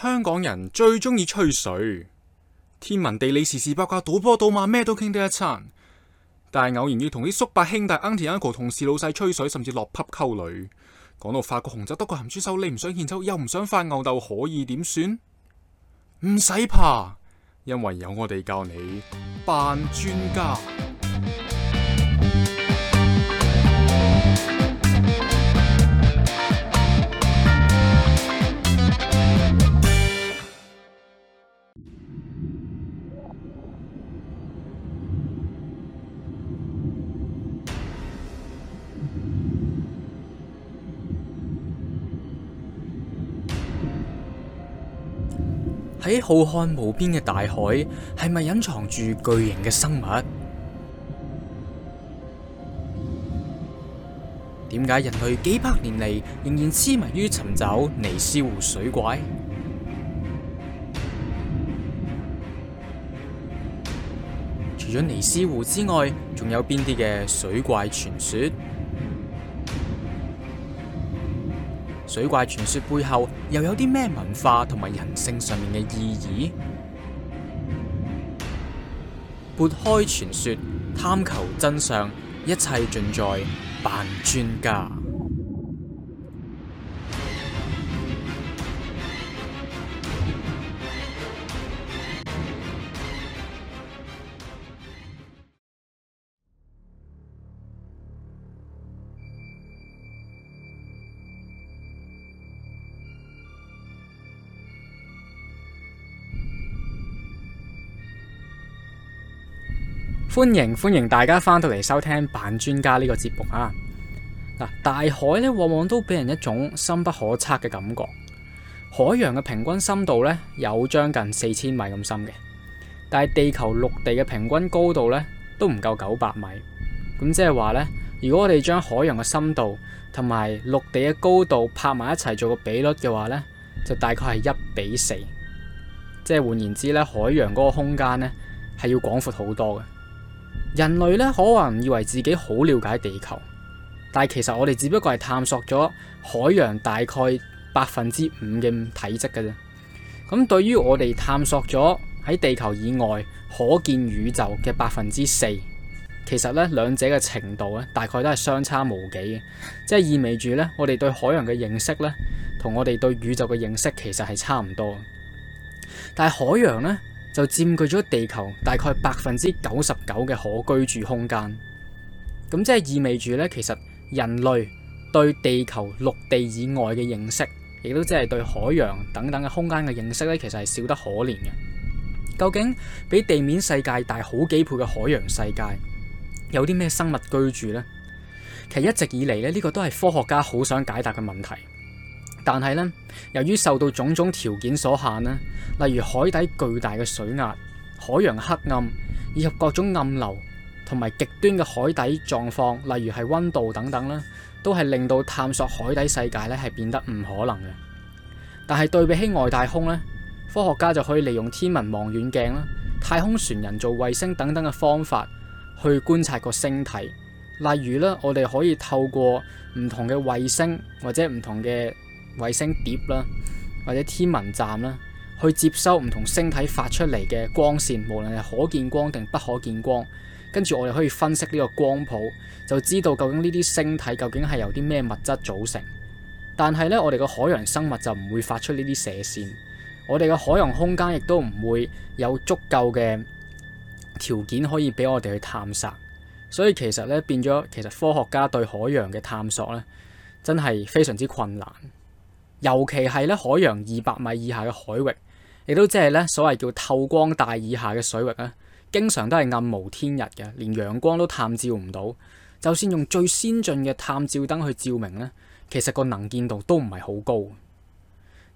香港人最中意吹水，天文地理、時事、八卦、賭波、賭馬，咩都傾得一餐，但係偶然要同啲叔伯兄弟 auntie uncle 同事、老細吹水，甚至落蒲溝女，講到法國紅酒、德國鹹豬手，你唔想獻醜又唔想發吽哣，可以點算？唔使怕，因為有我哋教你扮專家。喺浩瀚無邊嘅大海，係咪隱藏住巨型嘅生物？點解人類幾百年嚟仍然痴迷於尋找尼斯湖水怪？除咗尼斯湖之外，仲有邊啲嘅水怪傳說？水怪傳說背後又有啲咩文化同埋人性上面嘅意義？撥開傳說，探求真相，一切盡在扮專家。歡迎歡迎大家翻到嚟收聽扮專家呢個節目啊！嗱，大海咧，往往都俾人一種深不可測嘅感覺。海洋嘅平均深度咧，有將近四千米咁深嘅，但係地球陸地嘅平均高度咧都唔夠九百米。咁即係話咧，如果我哋將海洋嘅深度同埋陸地嘅高度拍埋一齊做個比率嘅話呢，就大概係一比四。即係換言之咧，海洋嗰個空間咧係要廣闊好多嘅。人類咧可能以為自己好了解地球，但係其實我哋只不過係探索咗海洋大概百分之五嘅體積嘅啫。咁對於我哋探索咗喺地球以外可見宇宙嘅百分之四，其實咧兩者嘅程度咧大概都係相差無幾嘅，即係意味住咧我哋對海洋嘅認識咧同我哋對宇宙嘅認識其實係差唔多。但係海洋咧。就佔據咗地球大概百分之九十九嘅可居住空間，咁即係意味住呢，其實人類對地球陸地以外嘅認識，亦都即係對海洋等等嘅空間嘅認識呢，其實係少得可憐嘅。究竟比地面世界大好幾倍嘅海洋世界，有啲咩生物居住呢？其實一直以嚟呢，呢個都係科學家好想解答嘅問題。但係呢，由於受到種種條件所限，例如海底巨大嘅水壓、海洋黑暗以及各種暗流，同埋極端嘅海底狀況，例如係溫度等等啦，都係令到探索海底世界咧係變得唔可能嘅。但係對比起外太空，科學家就可以利用天文望遠鏡啦、太空船、人造衛星等等嘅方法去觀察個星體。例如呢，我哋可以透過唔同嘅衛星或者唔同嘅衛星碟啦，或者天文站啦，去接收唔同星體發出嚟嘅光線，無論係可見光定不可見光，跟住我哋可以分析呢個光譜，就知道究竟呢啲星體究竟係由啲咩物質組成。但係呢，我哋嘅海洋生物就唔會發出呢啲射線，我哋嘅海洋空間亦都唔會有足夠嘅條件可以俾我哋去探索。所以其實呢，變咗，其實科學家對海洋嘅探索呢，真係非常之困難。尤其係咧，海洋二百米以下嘅海域，亦都即係咧，所謂叫透光帶以下嘅水域咧，經常都係暗無天日嘅，連陽光都探照唔到。就算用最先進嘅探照燈去照明咧，其實個能見度都唔係好高。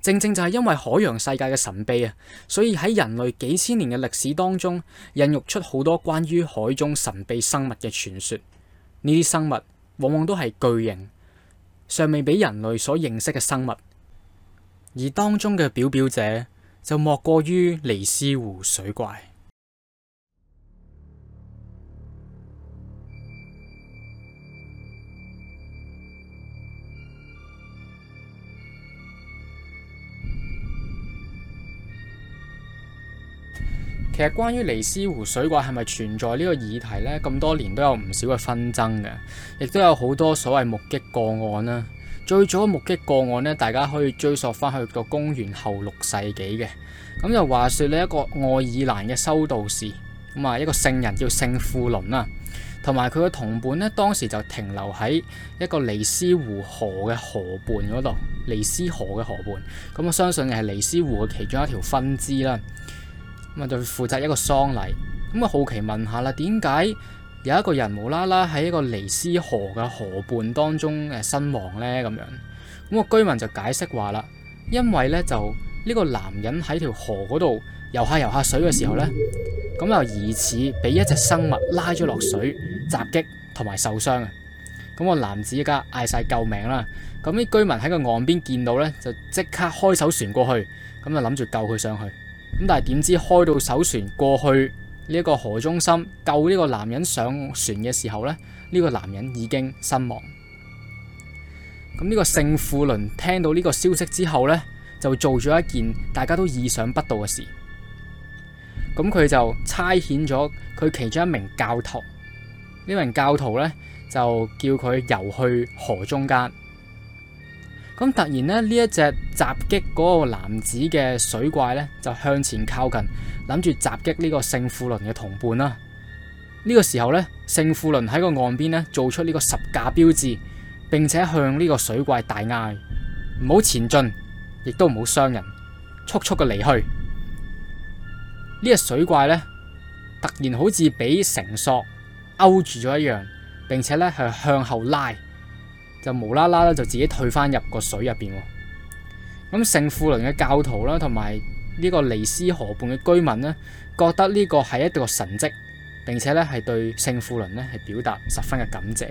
正正就係因為海洋世界嘅神秘啊，所以喺人類幾千年嘅歷史當中，孕育出好多關於海中神秘生物嘅傳說。呢啲生物往往都係巨型，尚未俾人類所認識嘅生物。而當中嘅表表者，就莫過於尼斯湖水怪。其實關於尼斯湖水怪係咪存在呢個議題呢？咁多年都有唔少嘅紛爭嘅，亦都有好多所謂目擊個案啦。最早目擊個案呢，大家可以追溯翻去個公元後六世紀嘅。咁就話說呢，一個愛爾蘭嘅修道士，咁啊一個聖人叫聖富倫啦，同埋佢個同伴呢，當時就停留喺一個尼斯湖河嘅河畔嗰度，尼斯河嘅河畔。咁我相信係尼斯湖嘅其中一條分支啦。咁啊，就負責一個喪禮。咁啊，好奇問一下啦，點解？有一個人無啦啦喺一個尼斯河嘅河畔當中誒身亡呢。咁樣，咁個居民就解釋話啦，因為呢，就呢、呢個男人喺條河嗰度遊下游下水嘅時候呢，咁又疑似俾一隻生物拉咗落水襲擊同埋受傷啊，咁個男子而家嗌晒救命啦！咁啲居民喺個岸邊見到呢，就即刻開手船過去，咁就諗住救佢上去，咁但係點知開到手船過去，呢個河中心救呢個男人上船嘅時候咧，呢、呢個男人已經身亡。咁呢個聖富倫聽到呢個消息之後呢，就做咗一件大家都意想不到嘅事。咁佢就差遣咗佢其中一名教徒，呢名教徒呢，就叫佢游去河中間。咁突然呢，呢一隻襲擊嗰個男子嘅水怪呢，就向前靠近，諗住襲擊呢個聖庫倫嘅同伴啦。呢個時候呢，聖庫倫喺個岸邊呢，做出呢個十架標誌，並且向呢個水怪大嗌：唔好前進，亦都唔好傷人，速速嘅離去。呢個水怪呢，突然好似俾繩索勾住咗一樣，並且呢，係向後拉。就無啦啦咧，就自己退翻入個水入邊喎。咁聖富倫嘅教徒啦，同埋呢個尼斯河畔嘅居民呢，覺得呢個係一個神跡，並且呢係對聖富倫呢係表達十分嘅感謝。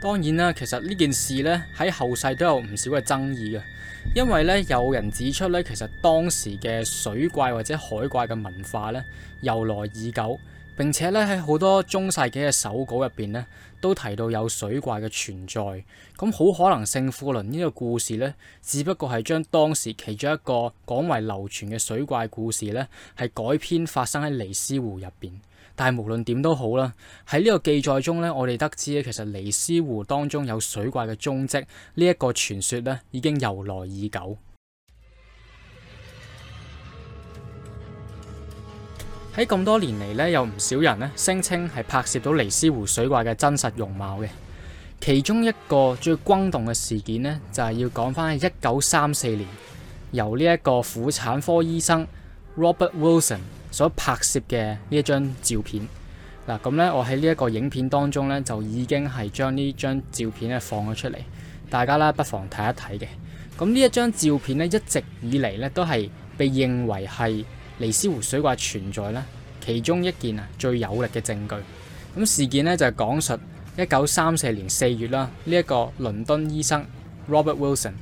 當然啦，其實呢件事呢喺後世都有唔少嘅爭議嘅，因為呢有人指出呢，其實當時嘅水怪或者海怪嘅文化呢，由來已久。並且咧，喺好多中世紀嘅手稿入邊咧，都提到有水怪嘅存在。咁好可能聖庫倫呢個故事咧，只不過係將當時其中一個廣為流傳嘅水怪故事咧，係改編發生喺尼斯湖入邊。但係無論點都好啦，喺呢個記載中咧，我哋得知咧，其實尼斯湖當中有水怪嘅蹤跡呢一個傳說咧，已經由來已久。喺咁多年嚟咧，有唔少人咧聲稱係拍攝到尼斯湖水怪嘅真實容貌嘅。其中一個最轟動嘅事件咧，就係要講返一九三四年由呢一個婦產科醫生 Robert Wilson 所拍攝嘅呢一張照片嗱。咁咧，我喺呢一個影片當中咧就已經係將呢張照片咧放咗出嚟，大家咧不妨睇一睇嘅。咁呢一張照片咧，一直以嚟咧都係被認為係。尼斯湖水怪存在咧，其中一件啊最有力嘅證據。咁事件咧就係講述一九三四年四月啦，呢一個倫敦醫生 Robert Wilson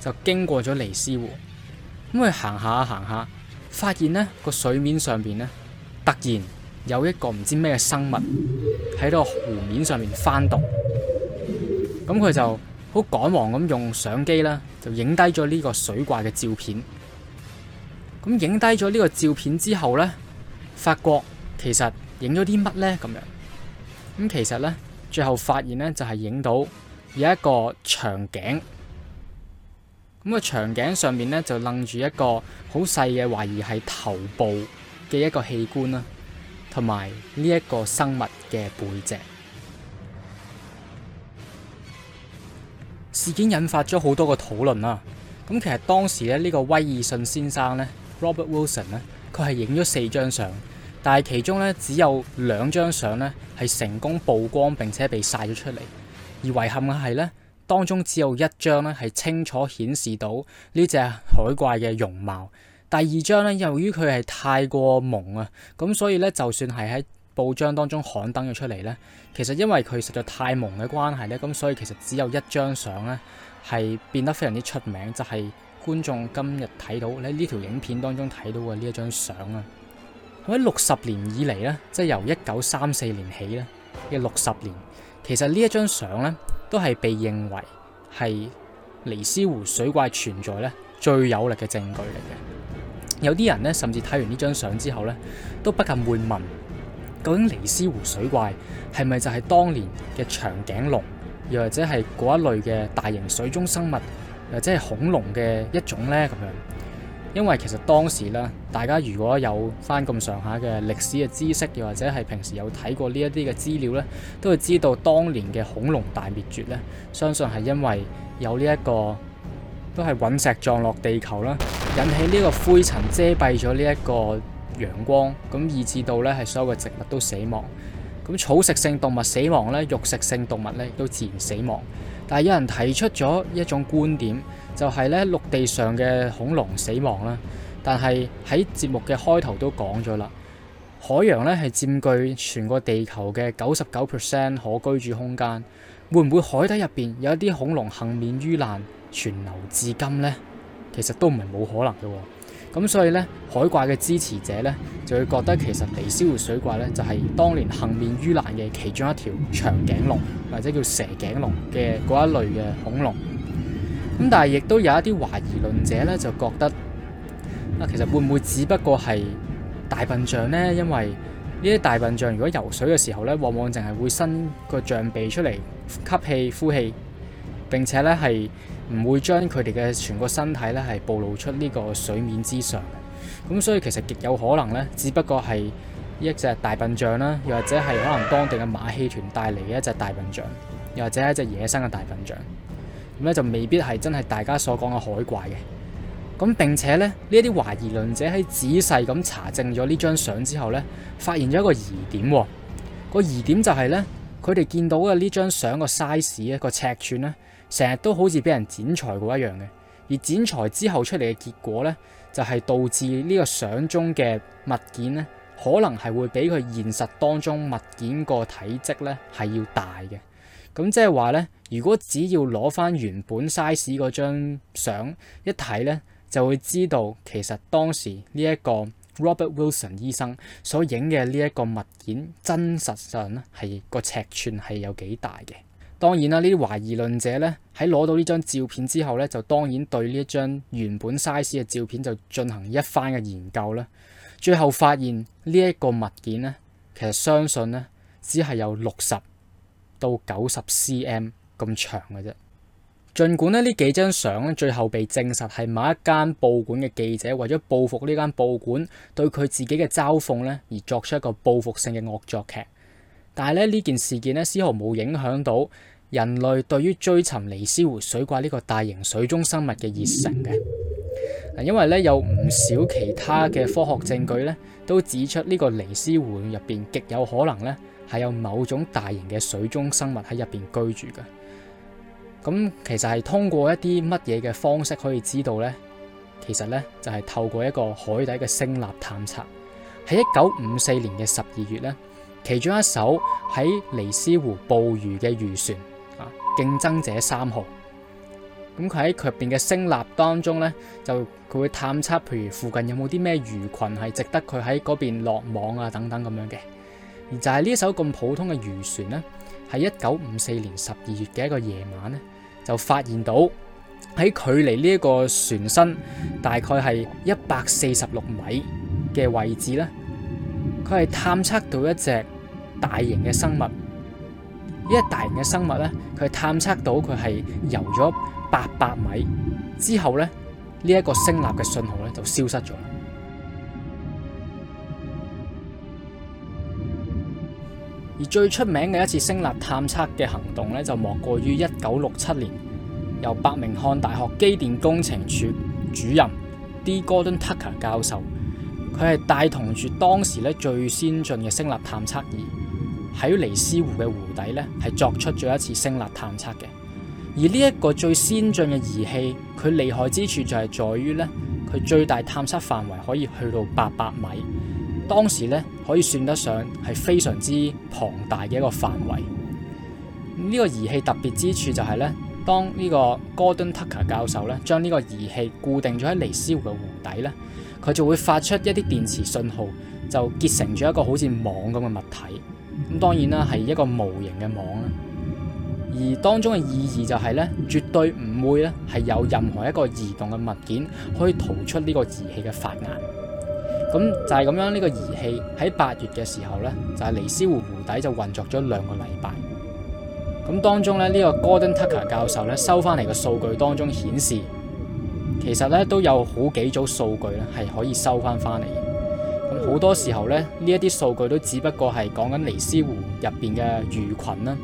就經過咗尼斯湖，咁佢行下行下，發現咧個水面上邊咧突然有一個唔知咩嘅生物喺度湖面上面翻動，咁佢就好趕忙咁用相機啦，就影低咗呢個水怪嘅照片。咁影低咗呢個照片之後呢，發覺其實影咗啲乜呢？咁樣咁其實呢，最後發現呢，就係影到有一個長頸，咁個長頸上面呢，就楞住一個好細嘅懷疑係頭部嘅一個器官啦，同埋呢一個生物嘅背脊。事件引發咗好多個討論啦。咁其實當時咧呢個威爾遜先生呢。Robert Wilson 咧，佢係影咗四張相，但係其中咧，只有兩張相咧係成功曝光並且被曬咗出嚟。而遺憾嘅係咧，當中只有一張咧係清楚顯示到呢隻海怪嘅容貌。第二張咧，由於佢係太過矇啊，咁所以咧就算係喺報章當中刊登咗出嚟咧，其實因為佢實在太矇嘅關係咧，咁所以其實只有一張相咧係變得非常之出名，就係、是。觀眾今日睇到喺呢條影片當中睇到嘅呢一張相啊，喺六十年以嚟呢，即係由一九三四年起呢，嘅六十年，其實呢一張相呢，都係被認為係尼斯湖水怪存在呢最有力嘅證據嚟嘅。有啲人呢，甚至睇完呢張相之後呢，都不禁會問：究竟尼斯湖水怪係咪就係當年嘅長頸龍，又或者係嗰一類嘅大型水中生物？即係恐龍嘅一種呢，咁樣，因為其實當時咧，大家如果有返咁上下嘅歷史嘅知識，又或者係平時有睇過呢一啲嘅資料呢，都會知道當年嘅恐龍大滅絕呢，相信係因為有呢、這、一個都係隕石撞落地球啦，引起呢個灰塵遮蔽咗呢一個陽光，咁以至到呢係所有嘅植物都死亡。咁草食性動物死亡咧，肉食性動物咧都自然死亡。但係有人提出咗一種觀點，就係咧陸地上嘅恐龍死亡啦。但係喺節目嘅開頭都講咗啦，海洋咧係佔據全個地球嘅九十九 percent 可居住空間。會唔會海底入邊有一啲恐龍幸免於難，存留至今咧？其實都唔係冇可能嘅喎。咁所以咧，海怪嘅支持者咧，就會覺得其實尼斯湖水怪咧就係當年幸免於難嘅其中一條長頸龍或者叫蛇頸龍嘅嗰一類嘅恐龍。咁但係亦都有一啲懷疑論者咧就覺得啊，其實會唔會只不過係大笨象咧？因為呢啲大笨象如果游水嘅時候咧，往往淨係會伸個象鼻出嚟吸氣呼氣。並且咧係唔會將佢哋嘅全個身體咧係暴露出呢個水面之上嘅，咁所以其實極有可能咧，只不過係一隻大笨象啦，又或者係可能當地嘅馬戲團帶嚟嘅一隻大笨象，又或者係一隻野生嘅大笨象，咁咧就未必係真係大家所講嘅海怪嘅。咁並且咧，呢一啲懷疑論者喺仔細咁查證咗呢張相之後咧，發現咗一個疑點，個疑點就係咧，佢哋見到嘅呢張相個 size 啊，個尺寸咧。成日都好似俾人剪裁過一樣嘅，而剪裁之後出嚟嘅結果咧，就係導致呢個相中嘅物件咧，可能係會比佢現實當中物件個體積咧係要大嘅。咁即係話咧，如果只要攞翻原本 size 嗰張相一睇咧，就會知道其實當時呢一個 Robert Wilson 醫生所影嘅呢一個物件真實上咧係個尺寸係有幾大嘅。當然啦，懷呢啲懷疑論者咧喺攞到呢張照片之後咧，就當然對呢一張原本 size 嘅照片就進行一番嘅研究啦。最後發現呢一個物件咧，其實相信咧只係有六十到九十 cm 咁長嘅啫。儘管咧呢幾張相咧最後被證實係某一間報館嘅記者為咗報復呢間報館對佢自己嘅嘲諷咧而作出一個報復性嘅惡作劇，但係咧呢件事件咧絲毫冇影響到。人類對於追尋尼斯湖水怪呢個大型水中生物嘅熱誠嘅，嗱，因為咧有唔少其他嘅科學證據咧，都指出呢個尼斯湖入邊極有可能咧係有某種大型嘅水中生物喺入邊居住嘅。咁其實係通過一啲乜嘢嘅方式可以知道呢？其實咧就係透過一個海底嘅聲納探測，喺一九五四年嘅十二月咧，其中一艘喺尼斯湖捕魚嘅漁船。競爭者三號，咁佢喺佢邊嘅聲納當中呢，就佢會探測，譬如附近有冇啲咩魚群係值得佢喺嗰邊落網啊，等等咁樣嘅。而就係呢艘咁普通嘅漁船呢，喺一九五四年十二月嘅一個夜晚呢，就發現到喺距離呢一個船身大概係一百四十六米嘅位置呢，佢係探測到一隻大型嘅生物。呢一大型嘅生物呢佢探測到佢係游咗八百米之後咧，呢、呢、一個聲納嘅信號呢就消失咗。而最出名嘅一次聲納探測嘅行動呢，就莫過於一九六七年，由伯明翰大學機電工程處主任 D. Gordon Tucker 教授，佢係帶同住當時呢最先進嘅聲納探測儀。喺尼斯湖嘅湖底咧，係作出咗一次聲納探測嘅。而呢一個最先進嘅儀器，佢厲害之處就係在於咧，佢最大探測範圍可以去到八百米。當時咧可以算得上係非常之龐大嘅一個範圍。呢個儀器特別之處就係咧，當呢個戈登塔克教授咧將呢個儀器固定咗喺尼斯湖嘅湖底咧，佢就會發出一啲電磁信號，就結成咗一個好似網咁嘅物體。咁當然啦，係一個無形嘅網啦，而當中嘅意義就係咧，絕對唔會咧係有任何一個移動嘅物件可以逃出呢個儀器嘅法眼。咁就係咁樣，呢、這個儀器喺八月嘅時候咧，就係、是、尼斯湖湖底就運作咗兩個禮拜。咁當中咧呢個 Gordon Tucker 教授咧收翻嚟嘅數據當中顯示，其實咧都有好幾組數據咧係可以收翻翻嚟。好多時候咧，呢一啲數據都只不過係講緊尼斯湖入邊嘅魚群啦。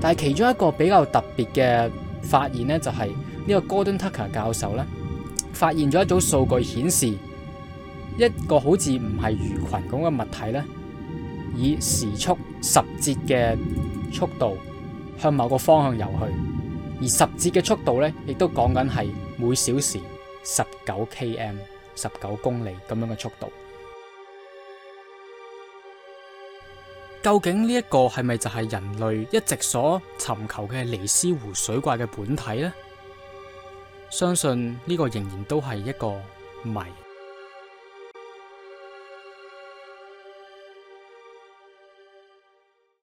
但係其中一個比較特別嘅發現呢，就係呢個 Gordon Tucker 教授呢，發現咗一組數據顯示，一個好似唔係魚群咁嘅物體呢，以時速十節嘅速度向某個方向游去，而十節嘅速度呢，亦都講緊係每小時十九 km 十九公里咁樣嘅速度。究竟呢一個係咪就係人類一直所尋求嘅尼斯湖水怪嘅本體咧？相信呢個仍然都係一個謎。